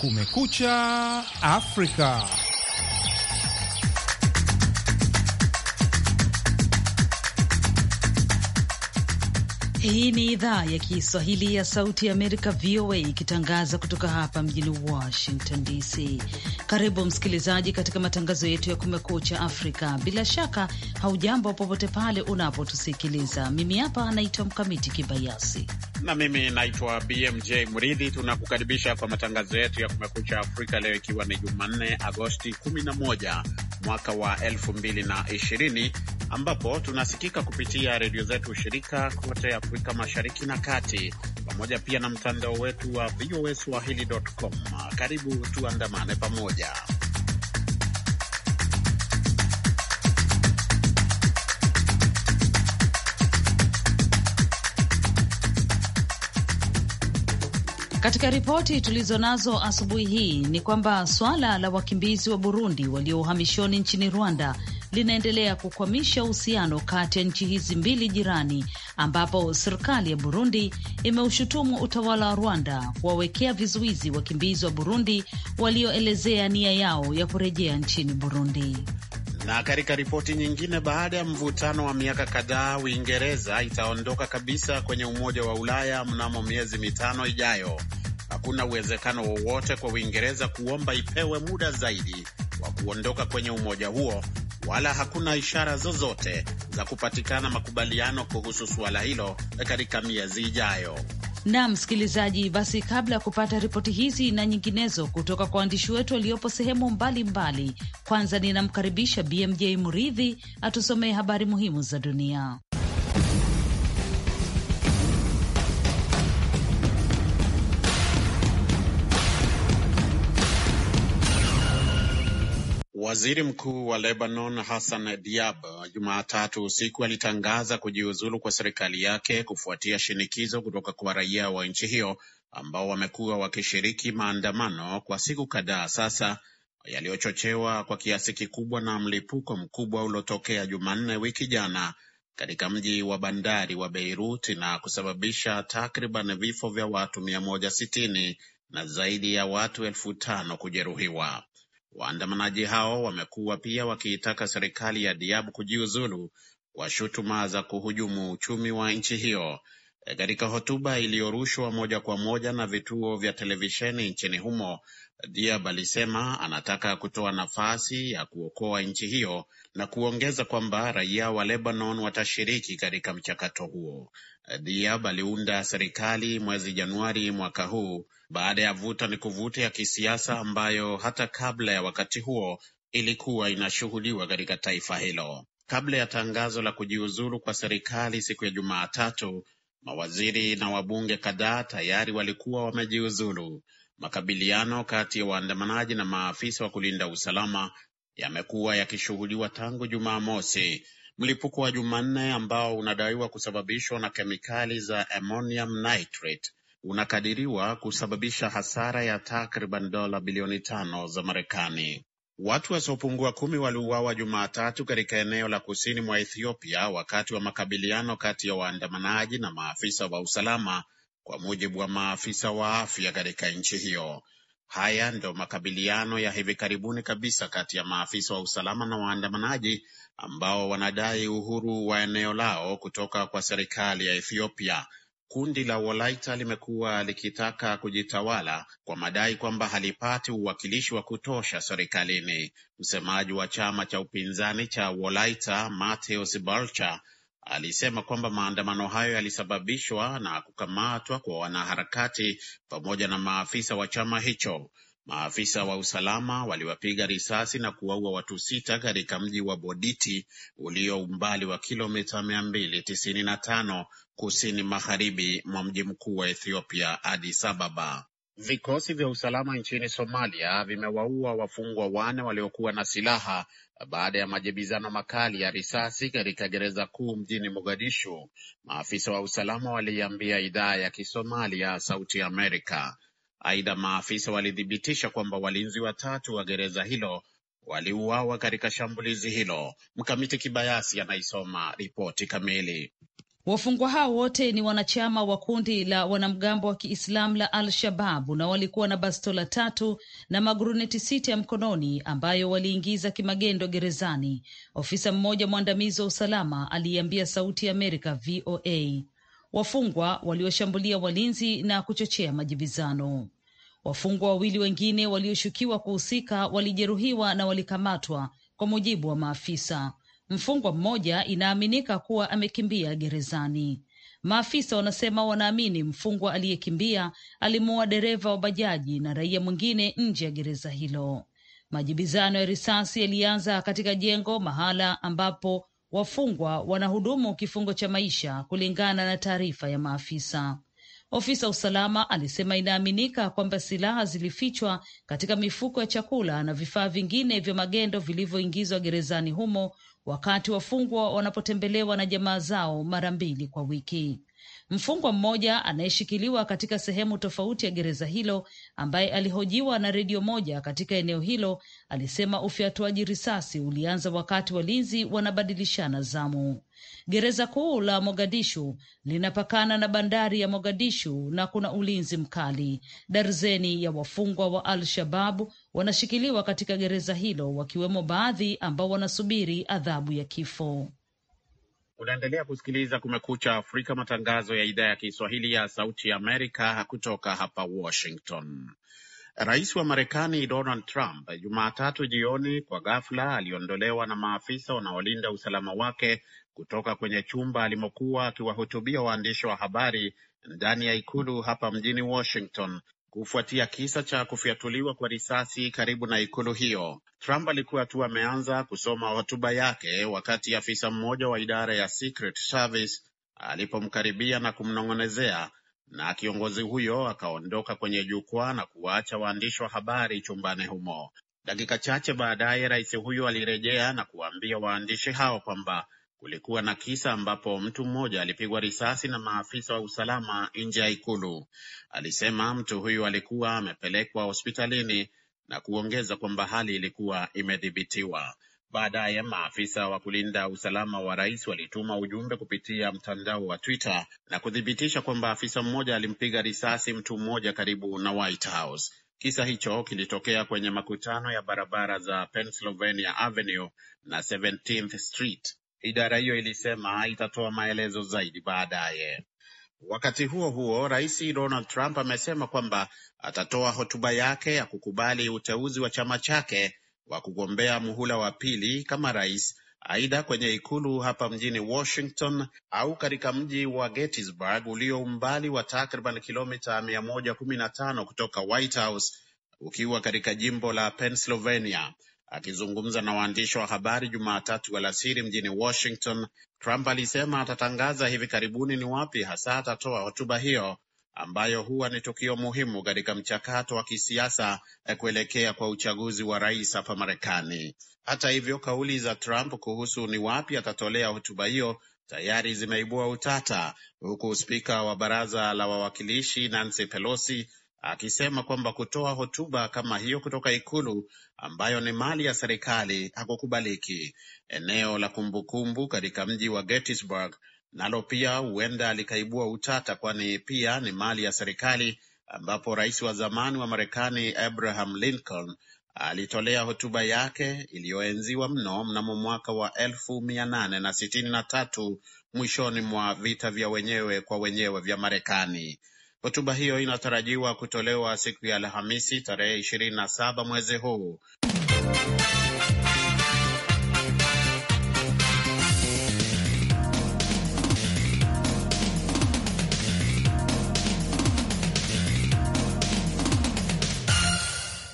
Kumekucha Afrika. Hii ni idhaa ya Kiswahili ya Sauti ya Amerika, VOA, ikitangaza kutoka hapa mjini Washington DC. Karibu msikilizaji katika matangazo yetu ya Kumekucha Afrika. Bila shaka haujambo popote pale unapotusikiliza. Mimi hapa anaitwa Mkamiti Kibayasi na mimi naitwa BMJ Mridhi. Tunakukaribisha kwa matangazo yetu ya Kumekucha Afrika leo ikiwa ni Jumanne, Agosti 11 mwaka wa 2020 ambapo tunasikika kupitia redio zetu shirika kote Afrika Mashariki na Kati, pamoja pia na mtandao wetu wa VOA Swahili.com. Karibu tuandamane pamoja. Katika ripoti tulizo nazo asubuhi hii ni kwamba swala la wakimbizi wa Burundi walio uhamishoni nchini Rwanda linaendelea kukwamisha uhusiano kati ya nchi hizi mbili jirani, ambapo serikali ya Burundi imeushutumu utawala wa Rwanda kuwawekea vizuizi wakimbizi wa Burundi walioelezea nia yao ya kurejea nchini Burundi. Na katika ripoti nyingine, baada ya mvutano wa miaka kadhaa, Uingereza itaondoka kabisa kwenye Umoja wa Ulaya mnamo miezi mitano ijayo. Hakuna uwezekano wowote kwa Uingereza kuomba ipewe muda zaidi wa kuondoka kwenye umoja huo wala hakuna ishara zozote za kupatikana makubaliano kuhusu suala hilo katika miezi ijayo. Na msikilizaji, basi kabla ya kupata ripoti hizi na nyinginezo kutoka kwa waandishi wetu waliopo sehemu mbalimbali mbali, kwanza ninamkaribisha BMJ Muridhi atusomee habari muhimu za dunia. Waziri Mkuu wa Lebanon Hassan Diab Jumatatu usiku alitangaza kujiuzulu kwa serikali yake kufuatia shinikizo kutoka kwa raia wa nchi hiyo ambao wamekuwa wakishiriki maandamano kwa siku kadhaa sasa yaliyochochewa kwa kiasi kikubwa na mlipuko mkubwa uliotokea Jumanne wiki jana katika mji wa bandari wa Beirut na kusababisha takriban vifo vya watu 160 na zaidi ya watu elfu tano kujeruhiwa. Waandamanaji hao wamekuwa pia wakiitaka serikali ya Diab kujiuzulu kwa shutuma za kuhujumu uchumi wa nchi hiyo. Katika hotuba iliyorushwa moja kwa moja na vituo vya televisheni nchini humo, Diab alisema anataka kutoa nafasi ya kuokoa nchi hiyo na kuongeza kwamba raia wa Lebanon watashiriki katika mchakato huo. Diab aliunda serikali mwezi Januari mwaka huu baada ya vuta ni kuvuta ya kisiasa ambayo hata kabla ya wakati huo ilikuwa inashuhudiwa katika taifa hilo. Kabla ya tangazo la kujiuzulu kwa serikali siku ya Jumatatu, Mawaziri na wabunge kadhaa tayari walikuwa wamejiuzulu. Makabiliano kati ya waandamanaji na maafisa wa kulinda usalama yamekuwa yakishuhudiwa tangu Jumamosi. Mlipuko wa Jumanne ambao unadaiwa kusababishwa na kemikali za ammonium nitrate unakadiriwa kusababisha hasara ya takriban dola bilioni tano za Marekani. Watu wasiopungua kumi waliuawa Jumatatu katika eneo la kusini mwa Ethiopia wakati wa makabiliano kati ya waandamanaji na maafisa wa usalama, kwa mujibu wa maafisa wa afya katika nchi hiyo. Haya ndio makabiliano ya hivi karibuni kabisa kati ya maafisa wa usalama na waandamanaji ambao wanadai uhuru wa eneo lao kutoka kwa serikali ya Ethiopia kundi la Walaita limekuwa likitaka kujitawala kwa madai kwamba halipati uwakilishi wa kutosha serikalini. Msemaji wa chama cha upinzani cha Walaita Mateus Balcha alisema kwamba maandamano hayo yalisababishwa na kukamatwa kwa wanaharakati pamoja na maafisa wa chama hicho. Maafisa wa usalama waliwapiga risasi na kuwaua watu sita katika mji wa Boditi ulio umbali wa kilomita 295 kusini magharibi mwa mji mkuu wa Ethiopia, Addis Ababa. Vikosi vya usalama nchini Somalia vimewaua wafungwa wane waliokuwa na silaha baada ya majibizano makali ya risasi katika gereza kuu mjini Mogadishu, maafisa wa usalama waliiambia idhaa ya Kisomalia Sauti Amerika. Aidha, maafisa walithibitisha kwamba walinzi watatu wa gereza hilo waliuawa katika shambulizi hilo. Mkamiti Kibayasi anaisoma ripoti kamili. Wafungwa hao wote ni wanachama wa kundi la wanamgambo wa Kiislamu la Al-Shababu na walikuwa na bastola tatu na maguruneti sita ya mkononi ambayo waliingiza kimagendo gerezani. Ofisa mmoja mwandamizi wa usalama aliiambia Sauti ya Amerika VOA wafungwa walioshambulia walinzi na kuchochea majibizano. Wafungwa wawili wengine walioshukiwa kuhusika walijeruhiwa na walikamatwa, kwa mujibu wa maafisa. Mfungwa mmoja inaaminika kuwa amekimbia gerezani. Maafisa wanasema wanaamini mfungwa aliyekimbia alimuua dereva wa bajaji na raia mwingine nje ya gereza hilo. Majibizano ya risasi yalianza katika jengo mahala ambapo wafungwa wanahudumu kifungo cha maisha, kulingana na taarifa ya maafisa. Ofisa usalama alisema inaaminika kwamba silaha zilifichwa katika mifuko ya chakula na vifaa vingine vya magendo vilivyoingizwa gerezani humo wakati wafungwa wanapotembelewa na jamaa zao mara mbili kwa wiki. Mfungwa mmoja anayeshikiliwa katika sehemu tofauti ya gereza hilo ambaye alihojiwa na redio moja katika eneo hilo alisema ufyatuaji risasi ulianza wakati walinzi wanabadilishana zamu. Gereza kuu la Mogadishu linapakana na bandari ya Mogadishu na kuna ulinzi mkali. Darzeni ya wafungwa wa Al-Shababu wanashikiliwa katika gereza hilo, wakiwemo baadhi ambao wanasubiri adhabu ya kifo. Unaendelea kusikiliza Kumekucha Afrika, matangazo ya idhaa ya Kiswahili ya Sauti ya Amerika kutoka hapa Washington. Rais wa Marekani Donald Trump Jumatatu jioni kwa ghafla aliondolewa na maafisa wanaolinda usalama wake kutoka kwenye chumba alimokuwa akiwahutubia waandishi wa habari ndani ya ikulu hapa mjini Washington, kufuatia kisa cha kufyatuliwa kwa risasi karibu na ikulu hiyo. Trump alikuwa tu ameanza kusoma hotuba yake wakati afisa mmoja wa idara ya Secret Service alipomkaribia na kumnong'onezea, na kiongozi huyo akaondoka kwenye jukwaa na kuwaacha waandishi wa habari chumbani humo. Dakika chache baadaye, rais huyo alirejea na kuwaambia waandishi hao kwamba kulikuwa na kisa ambapo mtu mmoja alipigwa risasi na maafisa wa usalama nje ya ikulu. Alisema mtu huyu alikuwa amepelekwa hospitalini na kuongeza kwamba hali ilikuwa imedhibitiwa. Baadaye maafisa wa kulinda usalama wa rais walituma ujumbe kupitia mtandao wa Twitter na kuthibitisha kwamba afisa mmoja alimpiga risasi mtu mmoja karibu na White House. Kisa hicho kilitokea kwenye makutano ya barabara za Pennsylvania Avenue na 17th Street Idara hiyo ilisema itatoa maelezo zaidi baadaye. Wakati huo huo, Rais Donald Trump amesema kwamba atatoa hotuba yake ya kukubali uteuzi wa chama chake wa kugombea muhula wa pili kama rais, aidha kwenye ikulu hapa mjini Washington au katika mji wa Gettysburg ulio umbali wa takriban kilomita 115 kutoka White House, ukiwa katika jimbo la Pennsylvania. Akizungumza na waandishi wa habari Jumatatu alasiri mjini Washington, Trump alisema atatangaza hivi karibuni ni wapi hasa atatoa hotuba hiyo ambayo huwa ni tukio muhimu katika mchakato wa kisiasa eh, kuelekea kwa uchaguzi wa rais hapa Marekani. Hata hivyo, kauli za Trump kuhusu ni wapi atatolea hotuba hiyo tayari zimeibua utata, huku spika wa baraza la wawakilishi Nancy Pelosi akisema kwamba kutoa hotuba kama hiyo kutoka ikulu ambayo ni mali ya serikali hakukubaliki. Eneo la kumbukumbu katika mji wa Gettysburg nalo pia huenda alikaibua utata, kwani pia ni mali ya serikali ambapo rais wa zamani wa Marekani Abraham Lincoln alitolea hotuba yake iliyoenziwa mno mnamo mwaka wa elfu mia nane na sitini na tatu mwishoni mwa vita vya wenyewe kwa wenyewe vya Marekani. Hotuba hiyo inatarajiwa kutolewa siku ya Alhamisi tarehe 27 na mwezi huu.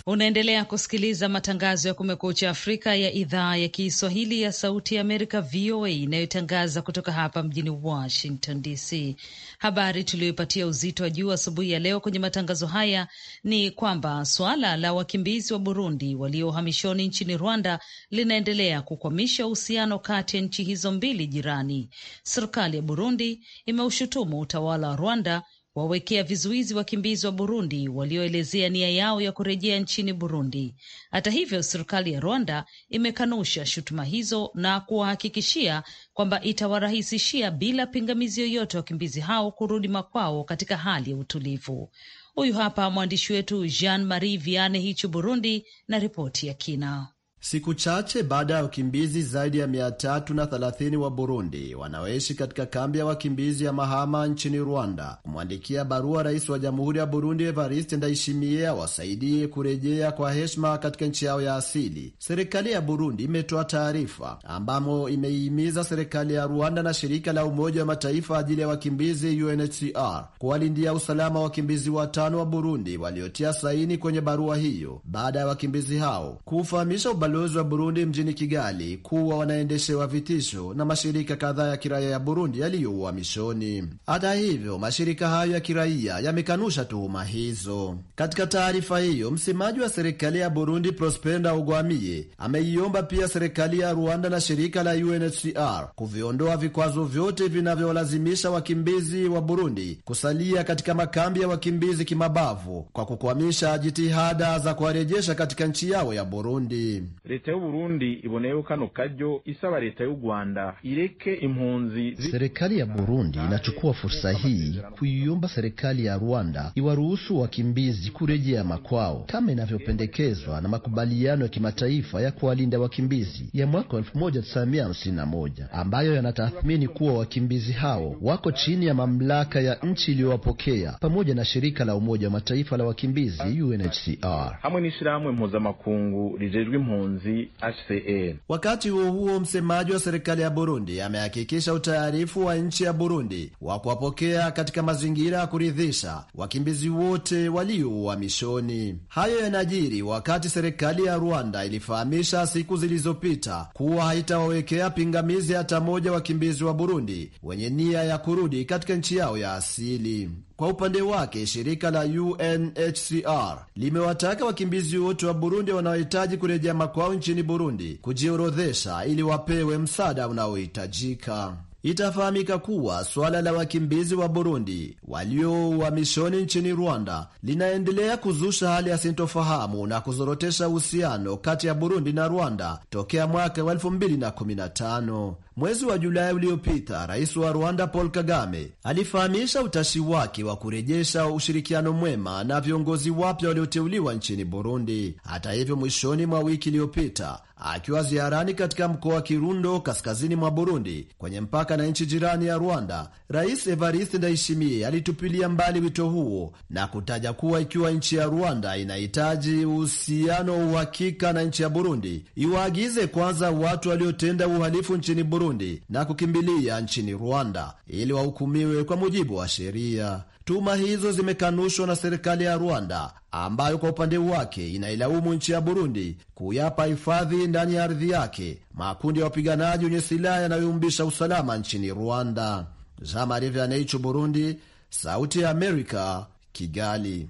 Unaendelea kusikiliza matangazo ya Kumekucha Afrika ya idhaa ya Kiswahili ya Sauti ya Amerika, VOA, inayotangaza kutoka hapa mjini Washington DC. Habari tuliyoipatia uzito wa juu asubuhi ya leo kwenye matangazo haya ni kwamba suala la wakimbizi wa Burundi walio uhamishoni nchini Rwanda linaendelea kukwamisha uhusiano kati ya nchi hizo mbili jirani. Serikali ya Burundi imeushutumu utawala wa Rwanda wawekea vizuizi wakimbizi wa Burundi walioelezea nia yao ya kurejea nchini Burundi. Hata hivyo, serikali ya Rwanda imekanusha shutuma hizo na kuwahakikishia kwamba itawarahisishia bila pingamizi yoyote wakimbizi hao kurudi makwao katika hali ya utulivu. Huyu hapa mwandishi wetu Jean Marie Viane Hichu, Burundi, na ripoti ya kina. Siku chache baada ya wakimbizi zaidi ya 330 wa Burundi wanaoishi katika kambi ya wakimbizi ya Mahama nchini Rwanda kumwandikia barua rais wa jamhuri ya Burundi Evariste Ndayishimiye wasaidie kurejea kwa heshima katika nchi yao ya asili, serikali ya Burundi imetoa taarifa ambamo imeihimiza serikali ya Rwanda na shirika la Umoja wa Mataifa ajili ya wakimbizi UNHCR kuwalindia usalama wa wakimbizi watano wa Burundi waliotia saini kwenye barua hiyo baada ya wakimbizi hao kuufahamisha balozi wa Burundi mjini Kigali kuwa wanaendeshewa vitisho na mashirika kadhaa ya kiraia ya Burundi yaliyo uhamishoni. Hata hivyo, mashirika hayo ya kiraia yamekanusha tuhuma hizo. Katika taarifa hiyo, msemaji wa serikali ya Burundi Prosper Ndawugwamiye ameiomba pia serikali ya Rwanda na shirika la UNHCR kuviondoa vikwazo vyote vinavyolazimisha wakimbizi wa Burundi kusalia katika makambi ya wakimbizi kimabavu kwa kukwamisha jitihada za kuwarejesha katika nchi yao ya Burundi leta y'uburundi iboneyeho kano kajyo isaba leta y'u Rwanda ireke impunzi. Serikali ya Burundi inachukua fursa hii kuiomba serikali ya Rwanda iwaruhusu wakimbizi kurejea makwao kama inavyopendekezwa na makubaliano ya kimataifa ya kuwalinda wakimbizi ya mwaka 1951 ambayo yanatathmini kuwa wakimbizi hao wako chini ya mamlaka ya nchi iliyowapokea pamoja na shirika la Umoja wa Mataifa la wakimbizi UNHCR hamwe n'ishirahamwe mpuzamakungu rijejwe impunzi mpunzi Wakati huo huo, msemaji wa serikali ya Burundi amehakikisha utayarifu wa nchi ya Burundi wa kuwapokea katika mazingira ya kuridhisha wakimbizi wote waliouhamishoni. Hayo yanajiri wakati serikali ya Rwanda ilifahamisha siku zilizopita kuwa haitawawekea pingamizi hata moja wakimbizi wa Burundi wenye nia ya kurudi katika nchi yao ya asili. Kwa upande wake shirika la UNHCR limewataka wakimbizi wote wa Burundi wanaohitaji kurejea makwao nchini Burundi kujiorodhesha ili wapewe msaada unaohitajika. Itafahamika kuwa suala la wakimbizi wa Burundi walio uhamishoni nchini Rwanda linaendelea kuzusha hali ya sintofahamu na kuzorotesha uhusiano kati ya Burundi na Rwanda tokea mwaka wa 2015. Mwezi wa Julai uliopita, rais wa Rwanda Paul Kagame alifahamisha utashi wake wa kurejesha ushirikiano mwema na viongozi wapya walioteuliwa nchini Burundi. Hata hivyo, mwishoni mwa wiki iliyopita akiwa ziarani katika mkoa wa Kirundo kaskazini mwa Burundi kwenye mpaka na nchi jirani ya Rwanda, Rais Evariste Ndayishimiye alitupilia mbali wito huo na kutaja kuwa ikiwa nchi ya Rwanda inahitaji uhusiano wa uhakika na nchi ya Burundi, iwaagize kwanza watu waliotenda uhalifu nchini Burundi Burundi na kukimbilia nchini Rwanda ili wahukumiwe kwa mujibu wa sheria. Tuhuma hizo zimekanushwa na serikali ya Rwanda ambayo kwa upande wake inailaumu nchi ya Burundi kuyapa hifadhi ndani ya ardhi yake makundi ya wapiganaji wenye silaha yanayoyumbisha usalama nchini Rwanda. Jean Marie Vianney, Burundi, Sauti ya Amerika, Kigali.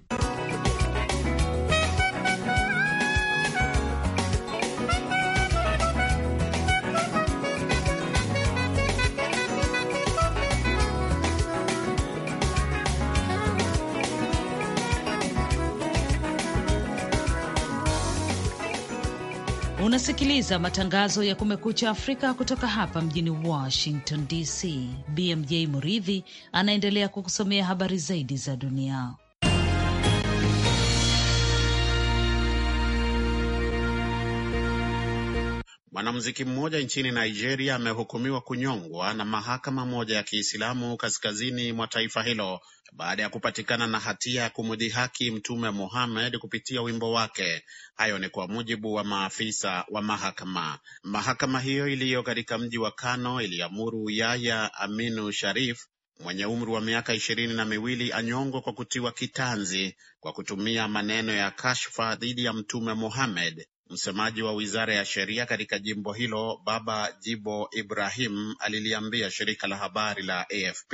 Unasikiliza matangazo ya Kumekucha Afrika kutoka hapa mjini Washington DC. BMJ Muridhi anaendelea kukusomea habari zaidi za dunia. Mwanamuziki mmoja nchini Nigeria amehukumiwa kunyongwa na mahakama moja ya Kiislamu kaskazini mwa taifa hilo baada ya kupatikana na hatia ya kumdhihaki Mtume Muhammad kupitia wimbo wake. Hayo ni kwa mujibu wa maafisa wa mahakama. Mahakama hiyo iliyo katika mji wa Kano iliamuru Yaya Aminu Sharif mwenye umri wa miaka ishirini na miwili anyongwe kwa kutiwa kitanzi kwa kutumia maneno ya kashfa dhidi ya Mtume Muhammad Msemaji wa wizara ya sheria katika jimbo hilo Baba Jibo Ibrahim aliliambia shirika la habari la AFP.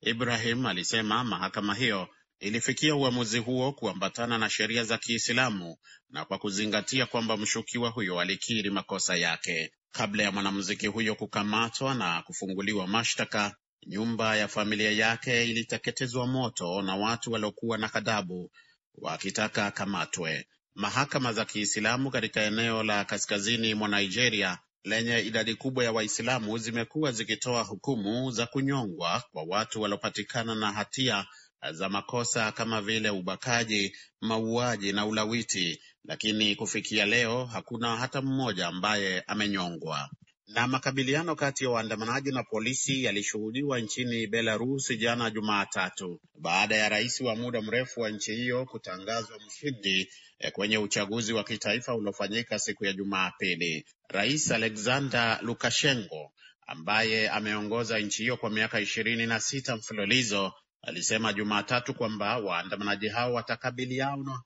Ibrahim alisema mahakama hiyo ilifikia uamuzi huo kuambatana na sheria za Kiislamu na kwa kuzingatia kwamba mshukiwa huyo alikiri makosa yake. Kabla ya mwanamuziki huyo kukamatwa na kufunguliwa mashtaka, nyumba ya familia yake iliteketezwa moto na watu waliokuwa na kadhabu wakitaka akamatwe. Mahakama za Kiislamu katika eneo la kaskazini mwa Nigeria lenye idadi kubwa ya Waislamu zimekuwa zikitoa hukumu za kunyongwa kwa watu waliopatikana na hatia za makosa kama vile ubakaji, mauaji na ulawiti, lakini kufikia leo hakuna hata mmoja ambaye amenyongwa. Na makabiliano kati ya waandamanaji na polisi yalishuhudiwa nchini Belarus jana Jumatatu baada ya rais wa muda mrefu wa nchi hiyo kutangazwa mshindi eh, kwenye uchaguzi wa kitaifa uliofanyika siku ya Jumapili. Rais Alexander Lukashenko ambaye ameongoza nchi hiyo kwa miaka ishirini na sita mfululizo alisema Jumatatu kwamba waandamanaji hao watakabiliana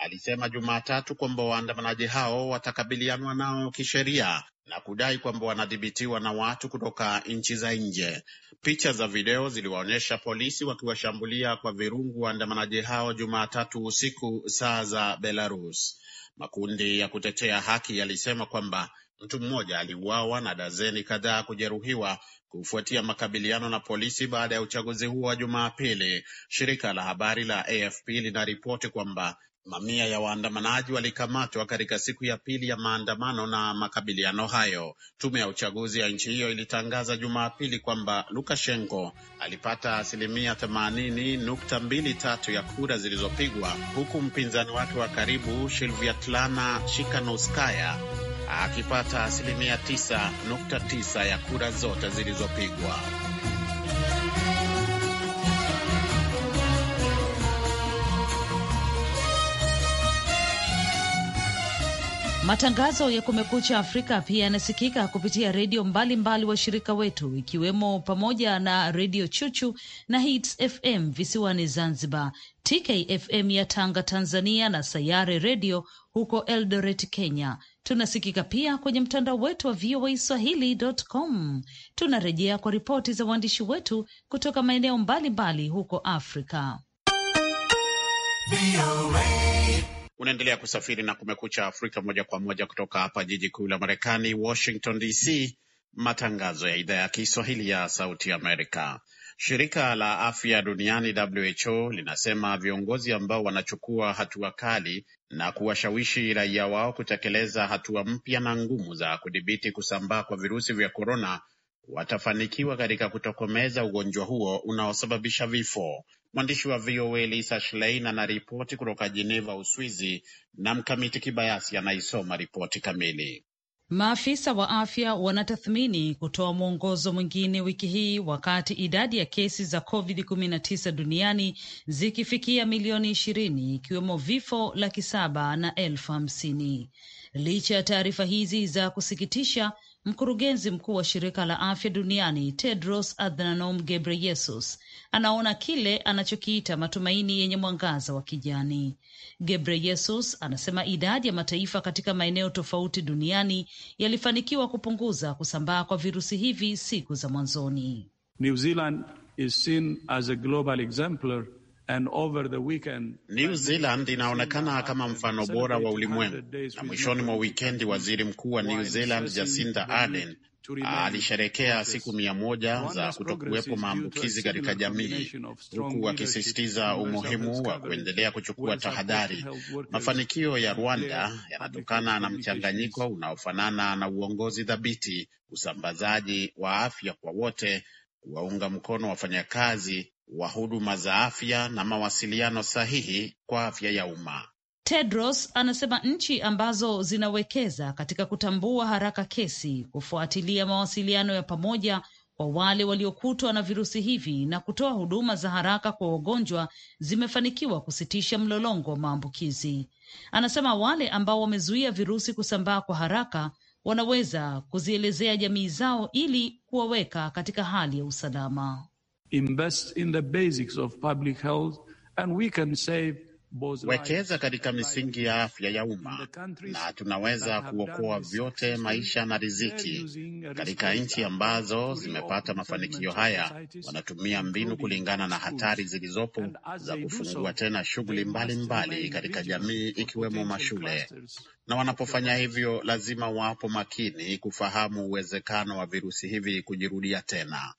alisema Jumatatu kwamba waandamanaji hao watakabilianwa nao kisheria na kudai kwamba wanadhibitiwa na watu kutoka nchi za nje. Picha za video ziliwaonyesha polisi wakiwashambulia kwa virungu waandamanaji hao Jumatatu usiku saa za Belarus. Makundi ya kutetea haki yalisema kwamba mtu mmoja aliuawa na dazeni kadhaa kujeruhiwa kufuatia makabiliano na polisi baada ya uchaguzi huo wa Jumapili. Shirika la habari la AFP linaripoti kwamba Mamia ya waandamanaji walikamatwa katika siku ya pili ya maandamano na makabiliano hayo. Tume ya uchaguzi ya nchi hiyo ilitangaza Jumapili kwamba Lukashenko alipata asilimia 80.23 ya kura zilizopigwa huku mpinzani wake wa karibu Shilviatlana Shikanouskaya akipata asilimia 9.9 ya kura zote zilizopigwa. Matangazo ya Kumekucha Afrika pia yanasikika kupitia redio mbalimbali washirika wetu ikiwemo pamoja na redio Chuchu na Hits FM visiwani Zanzibar, TKFM ya Tanga Tanzania, na Sayare Redio huko Eldoret Kenya. Tunasikika pia kwenye mtandao wetu wa VOA Swahili.com. Tunarejea kwa ripoti za waandishi wetu kutoka maeneo mbalimbali huko Afrika. VOA. Unaendelea kusafiri na Kumekucha Afrika moja kwa moja kutoka hapa jiji kuu la Marekani, Washington DC, matangazo ya idhaa ya Kiswahili ya Sauti Amerika. Shirika la Afya Duniani, WHO, linasema viongozi ambao wanachukua hatua kali na kuwashawishi raia wao kutekeleza hatua mpya na ngumu za kudhibiti kusambaa kwa virusi vya korona watafanikiwa katika kutokomeza ugonjwa huo unaosababisha vifo. Mwandishi wa VOA Lisa Schlein anaripoti kutoka Jeneva, Uswizi, na Mkamiti Kibayasi anaisoma ripoti kamili. Maafisa wa afya wanatathmini kutoa mwongozo mwingine wiki hii, wakati idadi ya kesi za COVID-19 duniani zikifikia milioni ishirini, ikiwemo vifo laki saba na elfu hamsini. Licha ya taarifa hizi za kusikitisha, Mkurugenzi mkuu wa shirika la afya duniani Tedros Adhanom Ghebreyesus anaona kile anachokiita matumaini yenye mwangaza wa kijani. Ghebreyesus anasema idadi ya mataifa katika maeneo tofauti duniani yalifanikiwa kupunguza kusambaa kwa virusi hivi siku za mwanzoni. New Zealand is seen as a global exemplar And over the weekend, New Zealand inaonekana kama mfano bora wa ulimwengu, na mwishoni mwa wikendi waziri mkuu wa New Zealand Jacinda Ardern alisherekea siku mia moja za kutokuwepo maambukizi katika jamii huku akisisitiza umuhimu wa kuendelea kuchukua tahadhari. Mafanikio ya Rwanda yanatokana na mchanganyiko unaofanana na uongozi thabiti, usambazaji wa afya kwa wote, kuwaunga mkono wafanyakazi wa huduma za afya na mawasiliano sahihi kwa afya ya umma. Tedros anasema nchi ambazo zinawekeza katika kutambua haraka kesi, kufuatilia mawasiliano ya pamoja kwa wale waliokutwa na virusi hivi na kutoa huduma za haraka kwa wagonjwa zimefanikiwa kusitisha mlolongo wa maambukizi. Anasema wale ambao wamezuia virusi kusambaa kwa haraka wanaweza kuzielezea jamii zao ili kuwaweka katika hali ya usalama invest in the basics of public health and we can save wekeza katika misingi ya afya ya umma na tunaweza kuokoa vyote, maisha na riziki. Katika nchi ambazo zimepata mafanikio haya, wanatumia mbinu kulingana na hatari zilizopo za kufungua tena shughuli mbalimbali katika jamii, ikiwemo mashule. Na wanapofanya hivyo, lazima wapo makini kufahamu uwezekano wa virusi hivi kujirudia tena.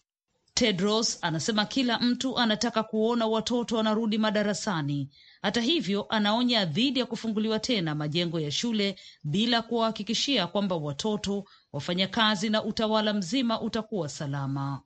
Tedros anasema kila mtu anataka kuona watoto wanarudi madarasani. Hata hivyo, anaonya dhidi ya kufunguliwa tena majengo ya shule bila kuwahakikishia kwamba watoto, wafanyakazi na utawala mzima utakuwa salama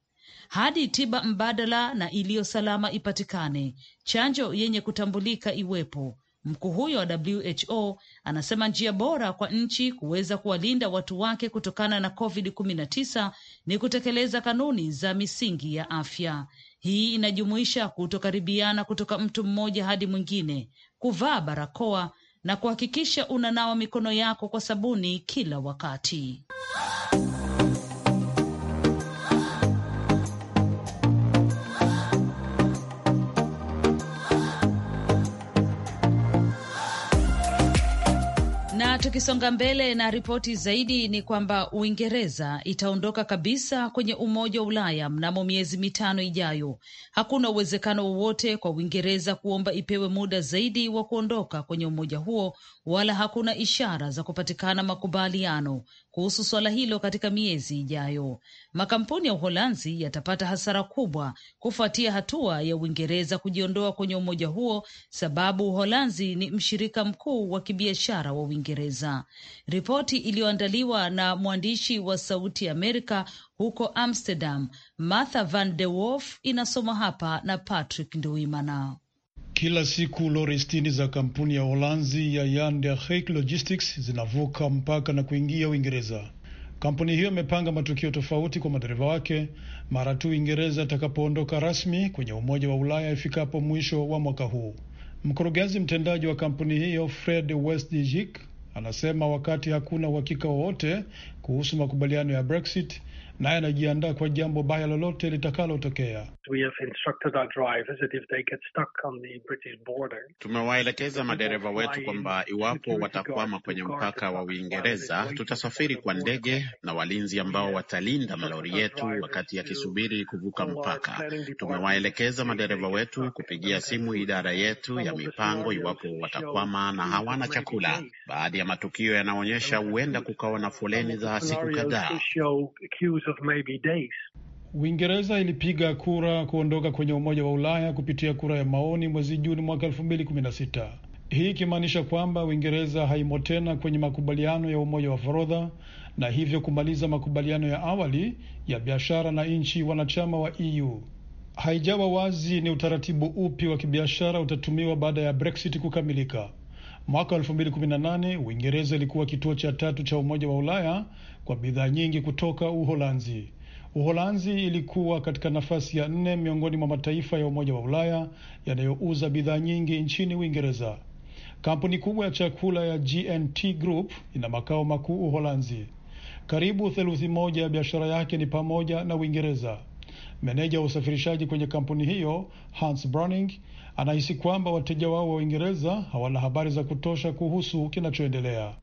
hadi tiba mbadala na iliyo salama ipatikane, chanjo yenye kutambulika iwepo, Mkuu huyo wa WHO anasema njia bora kwa nchi kuweza kuwalinda watu wake kutokana na COVID-19 ni kutekeleza kanuni za misingi ya afya. Hii inajumuisha kutokaribiana kutoka mtu mmoja hadi mwingine, kuvaa barakoa na kuhakikisha unanawa mikono yako kwa sabuni kila wakati. Tukisonga mbele na ripoti zaidi ni kwamba Uingereza itaondoka kabisa kwenye Umoja wa Ulaya mnamo miezi mitano ijayo. Hakuna uwezekano wowote kwa Uingereza kuomba ipewe muda zaidi wa kuondoka kwenye umoja huo, wala hakuna ishara za kupatikana makubaliano kuhusu suala hilo katika miezi ijayo. Makampuni ya Uholanzi yatapata hasara kubwa kufuatia hatua ya Uingereza kujiondoa kwenye umoja huo, sababu Uholanzi ni mshirika mkuu wa kibiashara wa Uingereza. Uingereza. Ripoti iliyoandaliwa na mwandishi wa Sauti ya Amerika huko Amsterdam, Martha Van de Wolf, inasoma hapa na Patrick Nduimana. Kila siku lori sitini za kampuni ya Holanzi ya Yan de Heik Logistics zinavuka mpaka na kuingia Uingereza. Kampuni hiyo imepanga matukio tofauti kwa madereva wake mara tu Uingereza itakapoondoka rasmi kwenye Umoja wa Ulaya ifikapo mwisho wa mwaka huu. Mkurugenzi mtendaji wa kampuni hiyo Fred Westdijk Anasema wakati hakuna uhakika wowote kuhusu makubaliano ya Brexit, naye anajiandaa kwa jambo baya lolote litakalotokea. Tumewaelekeza madereva wetu kwamba iwapo watakwama kwenye mpaka wa Uingereza, tutasafiri kwa ndege na walinzi ambao watalinda malori yetu wakati yakisubiri kuvuka mpaka. Tumewaelekeza madereva wetu kupigia simu idara yetu ya mipango iwapo watakwama na hawana chakula. Baadhi ya matukio yanaonyesha huenda kukawa na foleni za siku kadhaa. Uingereza ilipiga kura kuondoka kwenye Umoja wa Ulaya kupitia kura ya maoni mwezi Juni mwaka elfu mbili kumi na sita, hii ikimaanisha kwamba Uingereza haimo tena kwenye makubaliano ya umoja wa forodha na hivyo kumaliza makubaliano ya awali ya biashara na nchi wanachama wa EU. Haijawa wazi ni utaratibu upi wa kibiashara utatumiwa baada ya Brexit kukamilika. Mwaka 2018 Uingereza ilikuwa kituo cha tatu cha Umoja wa Ulaya kwa bidhaa nyingi kutoka Uholanzi. Uholanzi ilikuwa katika nafasi ya nne miongoni mwa mataifa ya Umoja wa Ulaya yanayouza bidhaa nyingi nchini Uingereza. Kampuni kubwa ya chakula ya GNT Group ina makao makuu Uholanzi. Karibu theluthi moja ya biashara yake ni pamoja na Uingereza. Meneja wa usafirishaji kwenye kampuni hiyo Hans Browning anahisi kwamba wateja wao wa Uingereza hawana habari za kutosha kuhusu kinachoendelea.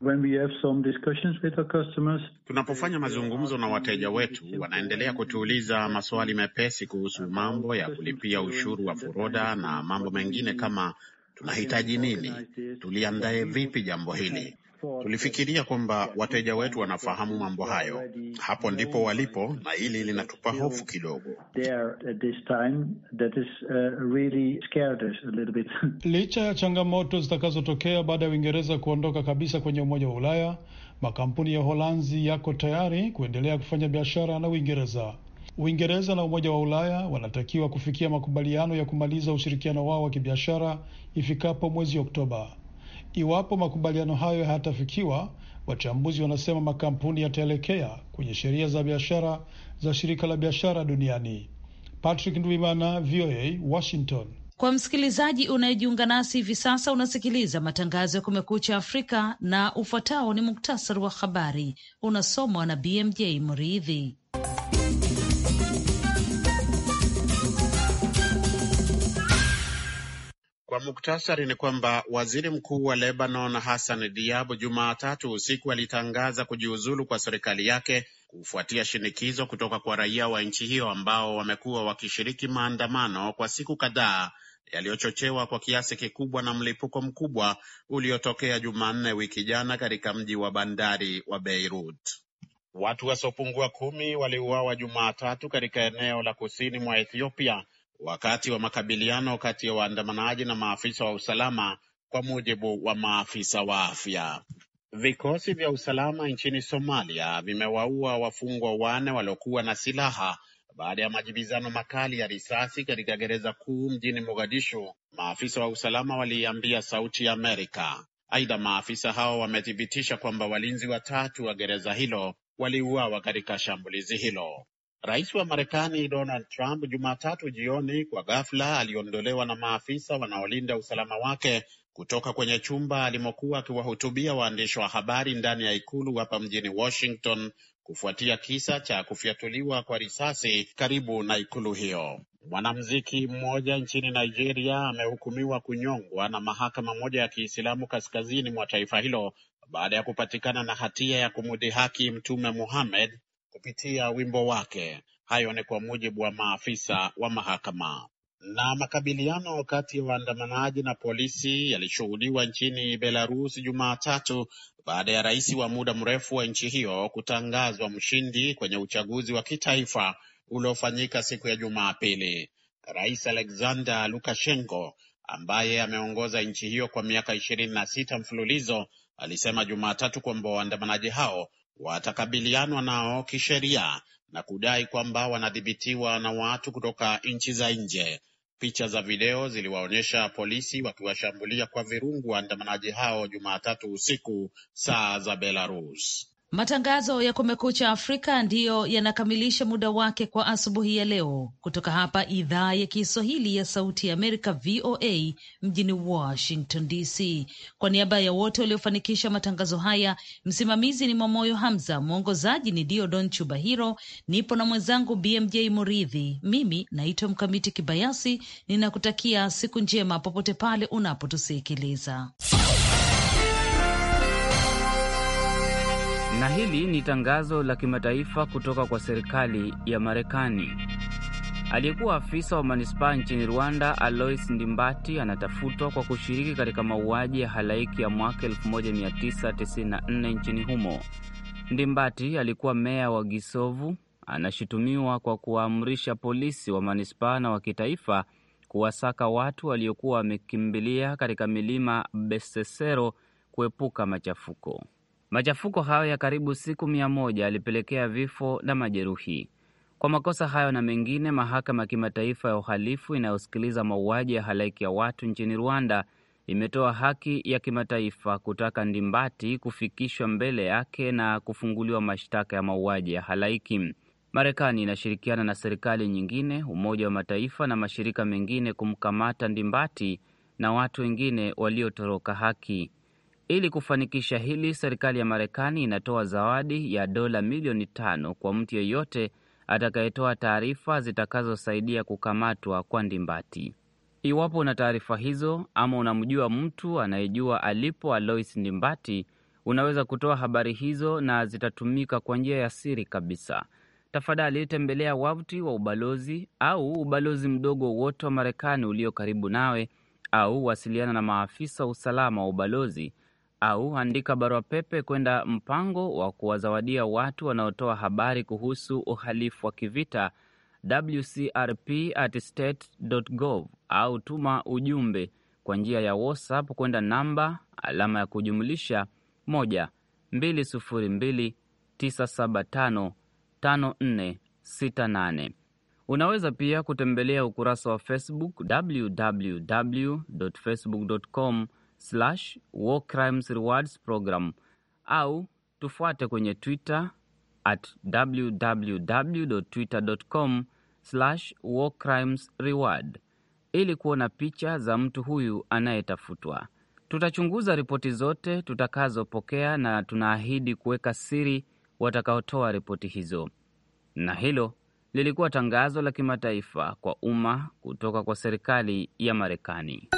Tunapofanya mazungumzo na wateja wetu, wanaendelea kutuuliza maswali mepesi kuhusu mambo ya kulipia ushuru wa forodha na mambo mengine kama tunahitaji nini, tuliandae vipi jambo hili. Tulifikiria kwamba wateja wetu wanafahamu mambo hayo, hapo ndipo walipo, na hili linatupa hofu kidogo. Uh, Licha ya changamoto zitakazotokea baada ya Uingereza kuondoka kabisa kwenye Umoja wa Ulaya, makampuni ya Holanzi yako tayari kuendelea kufanya biashara na Uingereza. Uingereza na Umoja wa Ulaya wanatakiwa kufikia makubaliano ya kumaliza ushirikiano wao wa kibiashara ifikapo mwezi Oktoba. Iwapo makubaliano hayo hayatafikiwa, wachambuzi wanasema makampuni yataelekea kwenye sheria za biashara za shirika la biashara duniani. Patrick Ndwimana, VOA, Washington. Kwa msikilizaji unayejiunga nasi hivi sasa, unasikiliza matangazo ya Kumekucha Afrika na ufuatao ni muktasari wa habari unasomwa na BMJ Mridhi. Kwa muktasari ni kwamba waziri mkuu wa Lebanon Hassan Diab Jumatatu usiku alitangaza kujiuzulu kwa serikali yake kufuatia shinikizo kutoka kwa raia wa nchi hiyo ambao wamekuwa wakishiriki maandamano kwa siku kadhaa yaliyochochewa kwa kiasi kikubwa na mlipuko mkubwa uliotokea Jumanne wiki jana katika mji wa bandari wa Beirut. Watu wasiopungua kumi waliuawa Jumatatu katika eneo la kusini mwa Ethiopia wakati wa makabiliano kati ya waandamanaji na maafisa wa usalama, kwa mujibu wa maafisa wa afya. Vikosi vya usalama nchini Somalia vimewaua wafungwa wane waliokuwa na silaha baada ya majibizano makali ya risasi katika gereza kuu mjini Mogadishu, maafisa wa usalama waliiambia Sauti ya Amerika. Aidha, maafisa hao wamethibitisha kwamba walinzi watatu wa gereza hilo waliuawa katika shambulizi hilo. Rais wa Marekani Donald Trump Jumatatu jioni kwa ghafla aliondolewa na maafisa wanaolinda usalama wake kutoka kwenye chumba alimokuwa akiwahutubia waandishi wa habari ndani ya ikulu hapa mjini Washington kufuatia kisa cha kufyatuliwa kwa risasi karibu na ikulu hiyo. Mwanamuziki mmoja nchini Nigeria amehukumiwa kunyongwa na mahakama moja ya Kiislamu kaskazini mwa taifa hilo baada ya kupatikana na hatia ya kumudhihaki Mtume Muhammad kupitia wimbo wake. Hayo ni kwa mujibu wa maafisa wa mahakama. Na makabiliano kati ya wa waandamanaji na polisi yalishuhudiwa nchini Belarus Jumatatu baada ya rais wa muda mrefu wa nchi hiyo kutangazwa mshindi kwenye uchaguzi wa kitaifa uliofanyika siku ya Jumapili. Rais Alexander Lukashenko ambaye ameongoza nchi hiyo kwa miaka ishirini na sita mfululizo alisema Jumatatu kwamba waandamanaji hao watakabilianwa nao kisheria na kudai kwamba wanadhibitiwa na watu kutoka nchi za nje. Picha za video ziliwaonyesha polisi wakiwashambulia kwa virungu waandamanaji hao Jumatatu usiku saa za Belarus. Matangazo ya Kumekucha Afrika ndiyo yanakamilisha muda wake kwa asubuhi ya leo, kutoka hapa idhaa ya Kiswahili ya Sauti ya Amerika, VOA mjini Washington DC. Kwa niaba ya wote waliofanikisha matangazo haya, msimamizi ni Mwamoyo Hamza, mwongozaji ni Diodon Chubahiro, nipo na mwenzangu BMJ Muridhi. Mimi naitwa Mkamiti Kibayasi, ninakutakia siku njema popote pale unapotusikiliza. na hili ni tangazo la kimataifa kutoka kwa serikali ya Marekani. Aliyekuwa afisa wa manispaa nchini Rwanda, Alois Ndimbati, anatafutwa kwa kushiriki katika mauaji ya halaiki ya mwaka 1994 nchini humo. Ndimbati alikuwa meya wa Gisovu. Anashutumiwa kwa kuwaamrisha polisi wa manispaa na wa kitaifa kuwasaka watu waliokuwa wamekimbilia katika milima Besesero kuepuka machafuko. Machafuko hayo ya karibu siku mia moja yalipelekea vifo na majeruhi. Kwa makosa hayo na mengine, mahakama ya kimataifa ya uhalifu inayosikiliza mauaji ya halaiki ya watu nchini Rwanda imetoa haki ya kimataifa kutaka Ndimbati kufikishwa mbele yake na kufunguliwa mashtaka ya mauaji ya halaiki. Marekani inashirikiana na serikali nyingine, Umoja wa Mataifa na mashirika mengine kumkamata Ndimbati na watu wengine waliotoroka haki. Ili kufanikisha hili, serikali ya Marekani inatoa zawadi ya dola milioni tano kwa mtu yeyote atakayetoa taarifa zitakazosaidia kukamatwa kwa Ndimbati. Iwapo una taarifa hizo ama unamjua mtu anayejua alipo Alois Ndimbati, unaweza kutoa habari hizo na zitatumika kwa njia ya siri kabisa. Tafadhali tembelea wavuti wa ubalozi au ubalozi mdogo wote wa Marekani ulio karibu nawe, au wasiliana na maafisa usalama wa ubalozi au andika barua pepe kwenda mpango wa kuwazawadia watu wanaotoa habari kuhusu uhalifu wa kivita gov au tuma ujumbe kwa njia ya WhatsApp kwenda namba alama ya kujumlisha 12029755468. Unaweza pia kutembelea ukurasa wa Facebook www.facebook.com slash War Crimes Rewards Program au tufuate kwenye Twitter at www twitter com slash War Crimes Reward ili kuona picha za mtu huyu anayetafutwa. Tutachunguza ripoti zote tutakazopokea na tunaahidi kuweka siri watakaotoa ripoti hizo. Na hilo lilikuwa tangazo la kimataifa kwa umma kutoka kwa serikali ya Marekani.